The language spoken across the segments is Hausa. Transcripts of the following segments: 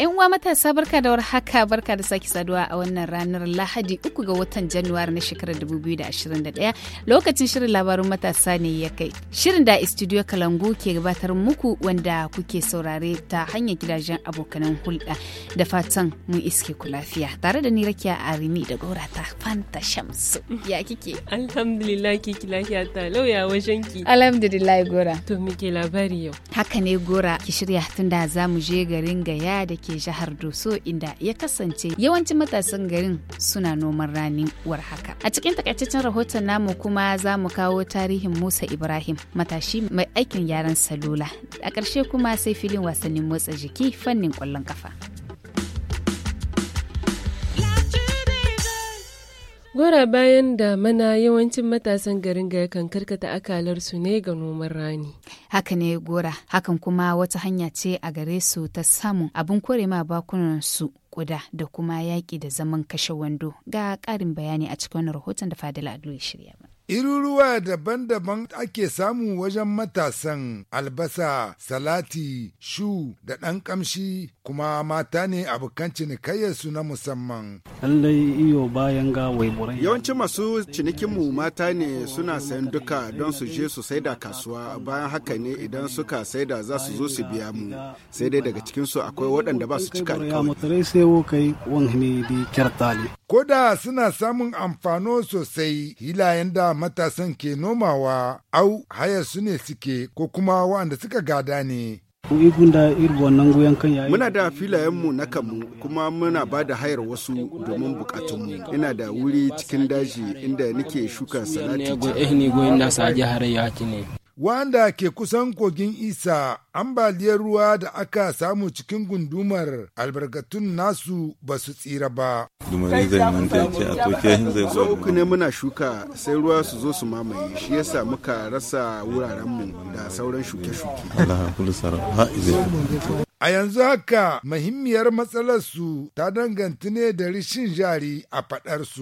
it uwa matasa barka da haka barka da sake saduwa a wannan ranar Lahadi 3 ga watan Januwari na shekarar 2021 lokacin shirin labarun matasa ne ya kai. Shirin da Studio Kalangu ke gabatar muku wanda kuke saurare ta hanyar gidajen abokanan hulɗa da fatan mun iske ku lafiya tare da ni Rakiya rimi da Gora ta Fanta Shamsu. Ya kike? Alhamdulillah kiki lafiya ta lauya wajen ki. Alhamdulillah Gora. To muke labari yau. Haka ne Gora ki shirya tunda za mu je garin Gaya da ke jihar Doso inda ya kasance yawancin matasan garin suna noman rani war haka. A cikin takaitaccen rahoton namu kuma za mu kawo tarihin Musa Ibrahim matashi mai aikin yaran salula. A ƙarshe kuma sai filin wasannin motsa jiki fannin ƙwallon ƙafa. Gora bayan damana yawancin matasan garin ga yakan karkata akalarsu ne ga noman rani. Haka ne gora, hakan kuma wata hanya ce a gare su ta samun abin kore ma bakunansu kuda da kuma yaƙi da zaman kashe wando ga ƙarin bayani a cikin rahoton da Fadila Adu ya shirya. Iruruwa daban-daban ake samu wajen matasan albasa, salati, shu da ɗan ƙamshi kuma mata ne abokan cinikayyarsu na musamman. Yawancin masu cinikinmu mata ne suna sayan duka don su je su saida kasuwa bayan haka ne idan suka saida za su zo su biya mu. Sai dai daga cikinsu akwai waɗanda ba su cika alkawari. Ko da suna samun amfano sosai hilayen da matasan ke nomawa au hayar su ne suke ko kuma waɗanda suka gada ne. Muna da filayenmu na kanmu kuma muna ba da hayar wasu domin bukatunmu. Ina da wuri cikin daji inda nake shuka salati. wanda ke kusan kogin isa ambaliyar ruwa da aka samu cikin gundumar albarkatun nasu ba su tsira ba. Dumari ne muna shuka sai ruwa su zo su mamaye shi yasa muka rasa wurarenmu da sauran shuke-shuke. A yanzu haka muhimmiyar matsalarsu ta danganta ne da rishin jari a faɗarsu.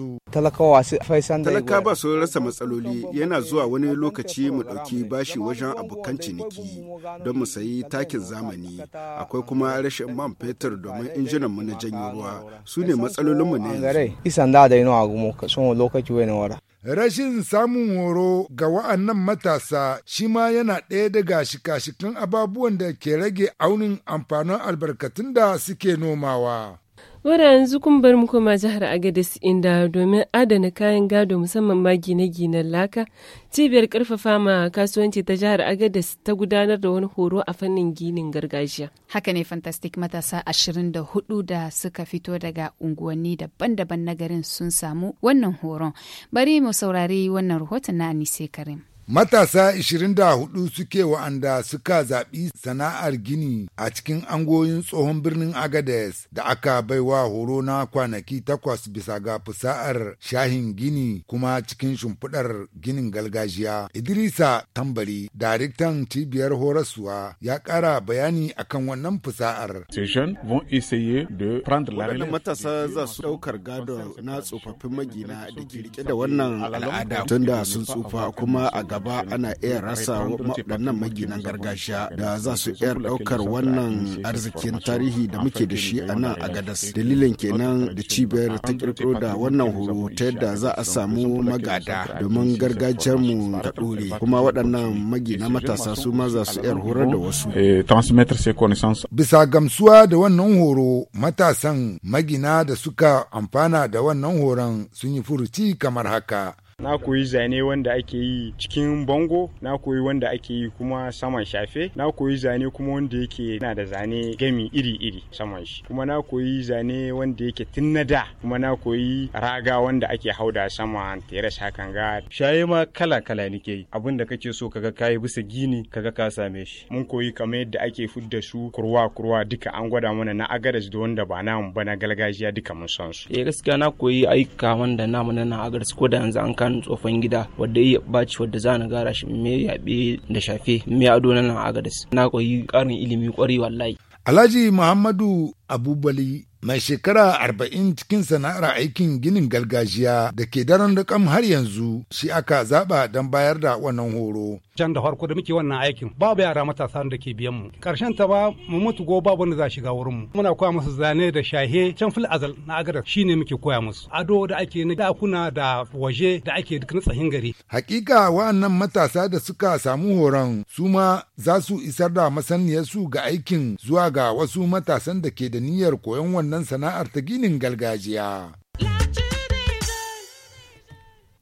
su Talaka ba su rasa matsaloli yana zuwa wani lokaci mu ɗauki bashi wajen abokan ciniki don mu sayi takin zamani. Akwai kuma rashin man fetur domin injinan mu na janyo ruwa su ne matsalolinmu ne. Isan da da gumo lokaci wani wara. Rashin samun horo ga wa'annan matasa shi ma yana ɗaya daga shika-shikan ababuwan da ke rage aunin amfanin albarkatun da suke nomawa. Wadda yanzu kun bar mu koma jihar Agadez inda domin adana kayan gado musamman ma gine-ginen laka, cibiyar karfafa ma kasuwanci ta jihar Agadez ta gudanar da wani horo a fannin ginin gargajiya. Haka ne fantastic matasa ashirin da hudu da suka fito daga unguwanni daban-daban na garin sun samu wannan horon. Bari mu saurari wannan rahoton na Anise Karim. Matasa 24 suke wa'anda suka zaɓi sana'ar gini a cikin angoyin tsohon birnin Agades da aka baiwa horo na kwanaki takwas bisa ga fusa'ar shahin gini kuma cikin shimfiɗar ginin galgajiya Idrisa Tambari, daraktan cibiyar horaswa ya ƙara bayani akan wannan fusa'ar. Waɗannan matasa za su ɗaukar gado na tsofaffin magina da ke da wannan al'ada tunda sun tsufa kuma a gaba. gaba ana iya rasa waɗannan maginan gargajiya da za su iya ɗaukar wannan arzikin tarihi da muke da shi a nan a gadas dalilin kenan da cibiyar ta kirkiro da wannan horo ta yadda za a samu magada domin gargajiyarmu ta ɗore kuma waɗannan magina matasa su ma za su iya horar da wasu bisa gamsuwa da wannan horo matasan magina da suka amfana da wannan horon sun yi furuci kamar haka na koyi zane wanda ake yi cikin bango na koyi wanda ake yi kuma saman shafe na koyi zane kuma wanda yake na da zane gami iri-iri saman shi kuma na koyi zane wanda yake tun da kuma na koyi raga wanda ake hauda sama teres hakan ga shaye ma kala-kala nike yi abin da kake so kaga kayi bisa gini kaga ka same shi mun koyi kamar yadda ake fudda su kurwa-kurwa duka an gwada mana na agaras da wanda ba namu ba na gargajiya duka mun san su eh gaskiya na koyi aika wanda namu na agaras ko da yanzu an shanu tsofan gida wadda ya baci wadda za gara shi me yaɓe da shafe me ado na agadas na koyi karin ilimi ƙwari wallahi alhaji muhammadu abubali mai shekara arba'in cikin sana'ar aikin ginin gargajiya da ke daren rikam har yanzu shi aka zaba don bayar da wannan horo. Can da farko da muke wannan aikin babu yara matasa da ke biyan mu. Karshen ta ba mu mutu go babu wanda za shiga wurin mu. Muna koya musu zane da shahe can fil azal na agadar shine muke koya musu. Ado da ake na dakuna da waje da ake duk na tsahin gari. Hakika wa'annan matasa da suka samu horon su ma za su isar da masaniyarsu ga aikin zuwa ga wasu matasan da ke da niyyar koyon wannan wannan sana'ar ta ginin gargajiya.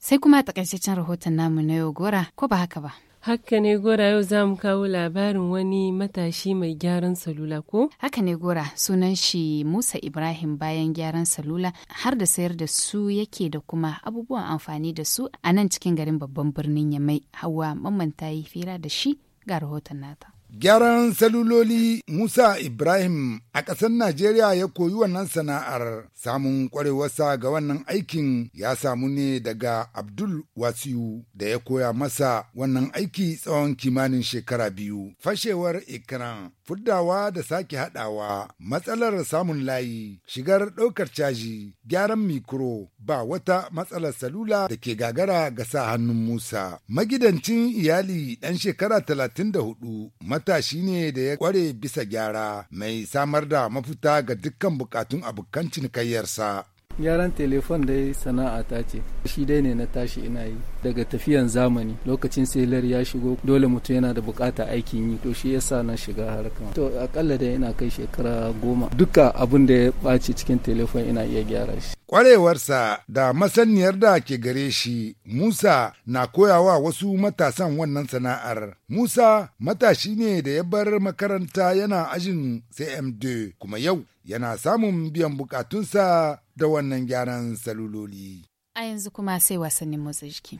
Sai kuma takaitaccen rahoton namu na yau gora ko ba haka ba. Haka ne Gora yau za mu kawo labarin wani matashi mai gyaran salula ko? Haka ne Gora sunan shi Musa Ibrahim bayan gyaran salula har da sayar da su yake da kuma abubuwan amfani da su a nan cikin garin babban birnin ya mai Hawa ta yi fira da shi ga rahoton nata. Gyaran saluloli Musa Ibrahim a ƙasar Najeriya ya koyi wannan sana'ar samun ƙwarewarsa ga wannan aikin ya samu ne daga Abdul Wasiu, da ya koya masa wannan aiki tsawon kimanin shekara biyu. Fashewar ikran, fuddawa da sake haɗawa, matsalar samun layi, shigar ɗaukar caji, gyaran mikro, ba wata matsalar salula da ke gagara ga sa hannun Musa. Magidancin iyali ɗan shekara talatin da hudu mafuta shine da ya kware bisa gyara mai samar da mafuta ga dukkan bukatun abokan cinikayyarsa. gyaran telefon dai sana'a ta ce shi dai ne na tashi ina yi daga tafiyan zamani lokacin selar ya shigo dole mutum yana da bukata aikin yi to shi yasa na shiga harkan to akalla dai ina kai shekara goma duka abin da ya ɓaci cikin telefon ina iya gyara shi kwarewarsa da masaniyar da ke gare shi musa na koyawa wasu matasan wannan sana'ar musa matashi ne da ya bar makaranta yana ajin cm2 kuma yau yana samun biyan bukatunsa da wannan gyaran saluloli. A yanzu kuma sai wasannin motsa jiki.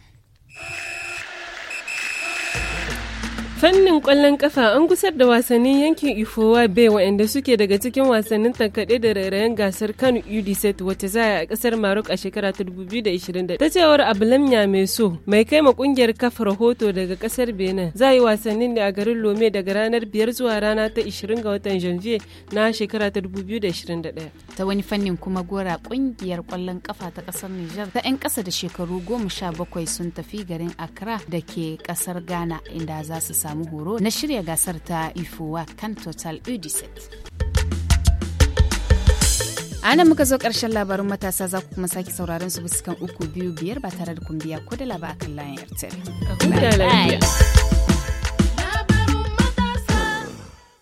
fannin kwallon kafa an gusar da wasannin yankin ifowa bay waɗanda suke daga cikin wasannin tankaɗe da rairayen gasar kano udset wacce za a ƙasar Maroc a shekara ta 2020 ta cewar abulamya mai so mai kai ma ƙungiyar kafa rahoto daga ƙasar benin za yi wasannin ne a garin lome daga ranar biyar zuwa rana ta 20 ga watan janvier na shekara ta 2021 ta wani fannin kuma gora ƙungiyar kwallon kafa ta ƙasar niger ta 'yan ƙasa da shekaru goma sha bakwai sun tafi garin accra da ke ƙasar ghana inda za su samu horo na shirya gasar ta ifowa kan total 87 a nan muka zo ƙarshen labarin matasa za ku kuma sake sauraron su fuskan uku biyu biyar ba tare da kumbiya ko da laba akan layan airtel.